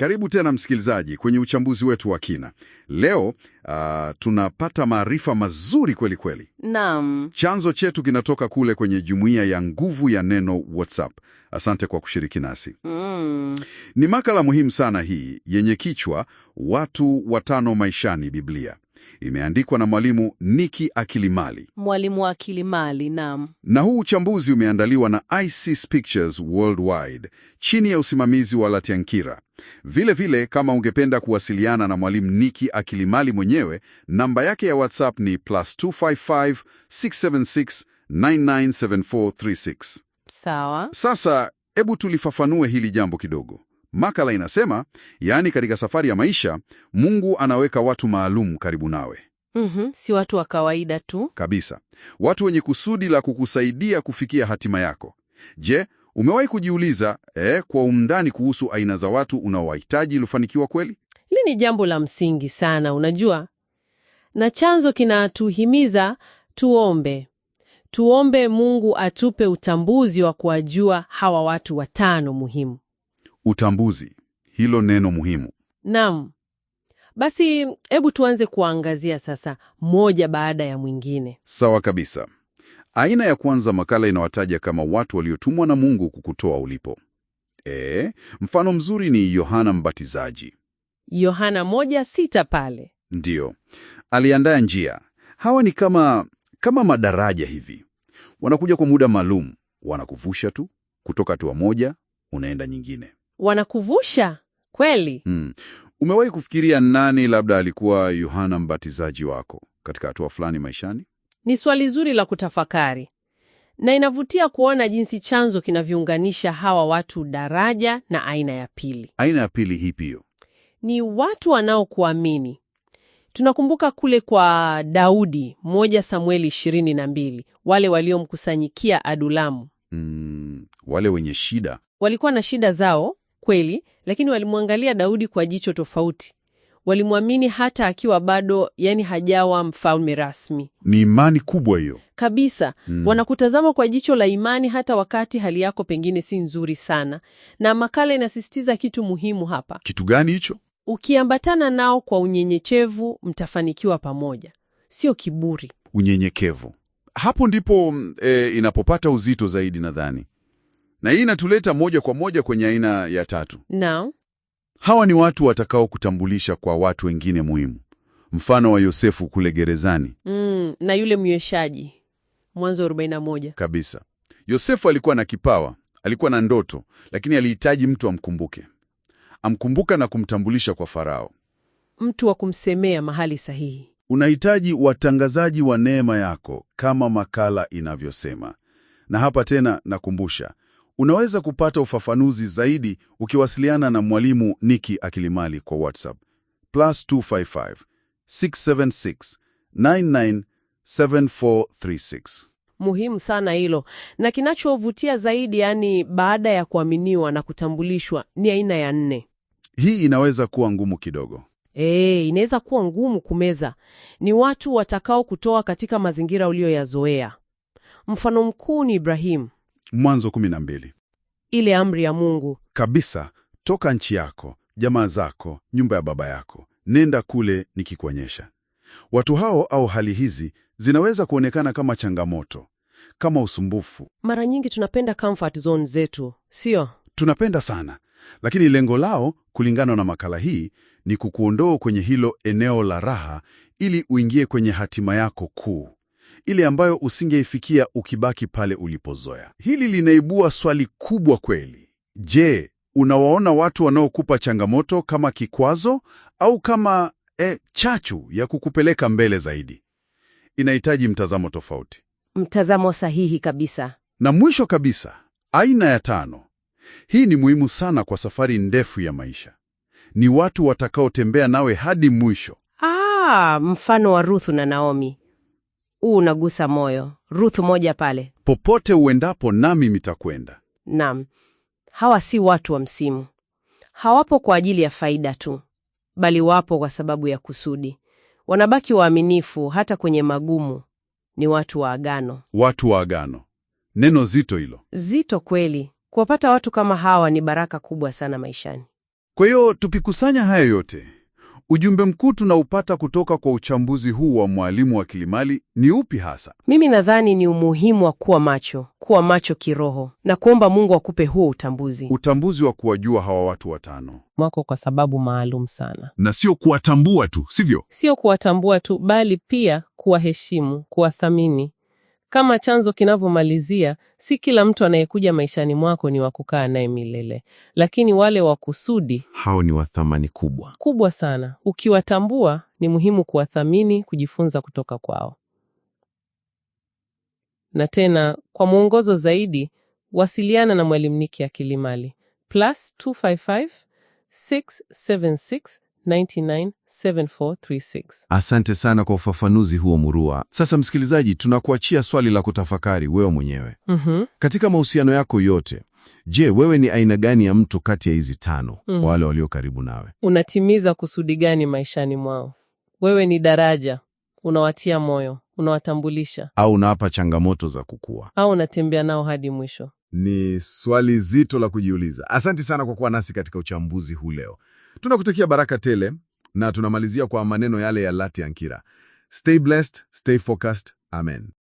Karibu tena msikilizaji kwenye uchambuzi wetu wa kina. Leo uh, tunapata maarifa mazuri kweli kweli. Naam. Chanzo chetu kinatoka kule kwenye jumuiya ya nguvu ya neno WhatsApp. Asante kwa kushiriki nasi. Mm. Ni makala muhimu sana hii yenye kichwa watu watano maishani Biblia. Imeandikwa na mwalimu Niki Akilimali, mwalimu Akilimali. Naam, na huu uchambuzi umeandaliwa na ICIS Pictures Worldwide chini ya usimamizi wa Latiankira. Vile vile, kama ungependa kuwasiliana na mwalimu Niki Akilimali mwenyewe, namba yake ya WhatsApp ni +255 676 997436. Sawa, sasa hebu tulifafanue hili jambo kidogo. Makala inasema yaani, katika safari ya maisha Mungu anaweka watu maalum karibu nawe. Mm -hmm. Si watu wa kawaida tu kabisa, watu wenye kusudi la kukusaidia kufikia hatima yako. Je, umewahi kujiuliza eh, kwa undani kuhusu aina za watu unaowahitaji ilifanikiwa kweli? Hili ni jambo la msingi sana, unajua, na chanzo kinatuhimiza tuombe, tuombe Mungu atupe utambuzi wa kuwajua hawa watu watano muhimu. Utambuzi, hilo neno muhimu. Naam. Basi hebu tuanze kuangazia sasa moja baada ya mwingine. Sawa kabisa. Aina ya kwanza makala inawataja kama watu waliotumwa na Mungu kukutoa ulipo. E, mfano mzuri ni Yohana Mbatizaji. Yohana moja sita pale. Ndiyo. Aliandaa njia. Hawa ni kama kama madaraja hivi. Wanakuja kwa muda maalum, wanakuvusha tu kutoka hatua moja unaenda nyingine wanakuvusha kweli. Hmm. Umewahi kufikiria nani labda alikuwa Yohana Mbatizaji wako katika hatua fulani maishani? Ni swali zuri la kutafakari na inavutia kuona jinsi chanzo kinavyounganisha hawa watu, daraja na aina ya pili. Aina ya pili hipi hiyo? Ni watu wanaokuamini. Tunakumbuka kule kwa Daudi moja Samueli ishirini na mbili, wale waliomkusanyikia Adulamu. Mm, wale wenye shida walikuwa na shida zao, kweli, lakini walimwangalia Daudi kwa jicho tofauti. Walimwamini hata akiwa bado, yani, hajawa mfalme rasmi. Ni imani kubwa hiyo kabisa. Mm. Wanakutazama kwa jicho la imani hata wakati hali yako pengine si nzuri sana, na makala inasisitiza kitu muhimu hapa. Kitu gani hicho? Ukiambatana nao kwa unyenyekevu, mtafanikiwa pamoja, sio kiburi. Unyenyekevu, hapo ndipo e, inapopata uzito zaidi, nadhani. Na hii inatuleta moja kwa moja kwenye aina ya tatu. Naam. Hawa ni watu watakaokutambulisha kwa watu wengine muhimu, mfano wa Yosefu kule gerezani mm, na yule mnyweshaji Mwanzo 41. Kabisa. Yosefu alikuwa na kipawa, alikuwa na ndoto, lakini alihitaji mtu amkumbuke, amkumbuka na kumtambulisha kwa Farao, mtu wa kumsemea mahali sahihi. Unahitaji watangazaji wa neema yako, kama makala inavyosema. Na hapa tena nakumbusha, Unaweza kupata ufafanuzi zaidi ukiwasiliana na Mwalimu Niki Akilimali kwa WhatsApp plus 255 676 997436. Muhimu sana hilo, na kinachovutia zaidi, yani baada ya kuaminiwa na kutambulishwa, ni aina ya nne. Hii inaweza kuwa ngumu kidogo. E, inaweza kuwa ngumu kumeza. Ni watu watakao kutoa katika mazingira uliyoyazoea. Mfano mkuu ni Ibrahimu. Mwanzo 12. Ile amri ya Mungu kabisa, toka nchi yako, jamaa zako, nyumba ya baba yako, nenda kule nikikuonyesha. Watu hao au hali hizi zinaweza kuonekana kama changamoto, kama usumbufu. Mara nyingi tunapenda comfort zone zetu, sio? Tunapenda sana, lakini lengo lao, kulingana na makala hii, ni kukuondoa kwenye hilo eneo la raha ili uingie kwenye hatima yako kuu ile ambayo usingeifikia ukibaki pale ulipozoea. Hili linaibua swali kubwa kweli. Je, unawaona watu wanaokupa changamoto kama kikwazo au kama e, chachu ya kukupeleka mbele zaidi? Inahitaji mtazamo tofauti, mtazamo sahihi kabisa. Na mwisho kabisa, aina ya tano. Hii ni muhimu sana kwa safari ndefu ya maisha. Ni watu watakaotembea nawe hadi mwisho. Ah, mfano wa Ruthu na Naomi huu unagusa moyo, Ruth moja pale. Popote uendapo nami mitakwenda. Naam, hawa si watu wa msimu, hawapo kwa ajili ya faida tu, bali wapo kwa sababu ya kusudi. Wanabaki waaminifu hata kwenye magumu. Ni watu wa agano, watu wa agano. Neno zito hilo, zito kweli. Kuwapata watu kama hawa ni baraka kubwa sana maishani. Kwa hiyo tukikusanya haya yote Ujumbe mkuu tunaupata kutoka kwa uchambuzi huu wa Mwalimu wa Kilimali ni upi hasa? Mimi nadhani ni umuhimu wa kuwa macho, kuwa macho kiroho na kuomba Mungu akupe huo utambuzi, utambuzi wa kuwajua hawa watu watano mwako kwa sababu maalum sana, na sio kuwatambua tu, sivyo? Sio kuwatambua tu, bali pia kuwaheshimu, kuwathamini kama chanzo kinavyomalizia, si kila mtu anayekuja maishani mwako ni wa kukaa naye milele, lakini wale wa kusudi, hao ni wa thamani kubwa kubwa sana. Ukiwatambua, ni muhimu kuwathamini, kujifunza kutoka kwao. Na tena kwa mwongozo zaidi, wasiliana na Mwalimu Nicky Akilimali plus 255 676 997436. Asante sana kwa ufafanuzi huo Murua. Sasa msikilizaji, tunakuachia swali la kutafakari wewe mwenyewe. mm -hmm. Katika mahusiano yako yote, je, wewe ni aina gani ya mtu kati ya hizi tano? mm -hmm. Kwa wale walio karibu nawe, unatimiza kusudi gani maishani mwao? Wewe ni daraja, unawatia moyo, unawatambulisha, au unawapa changamoto za kukua, au unatembea nao hadi mwisho? Ni swali zito la kujiuliza. Asanti sana kwa kuwa nasi katika uchambuzi huu leo. Tunakutakia baraka tele na tunamalizia kwa maneno yale ya Lati Ankira. Stay blessed, stay focused. Amen.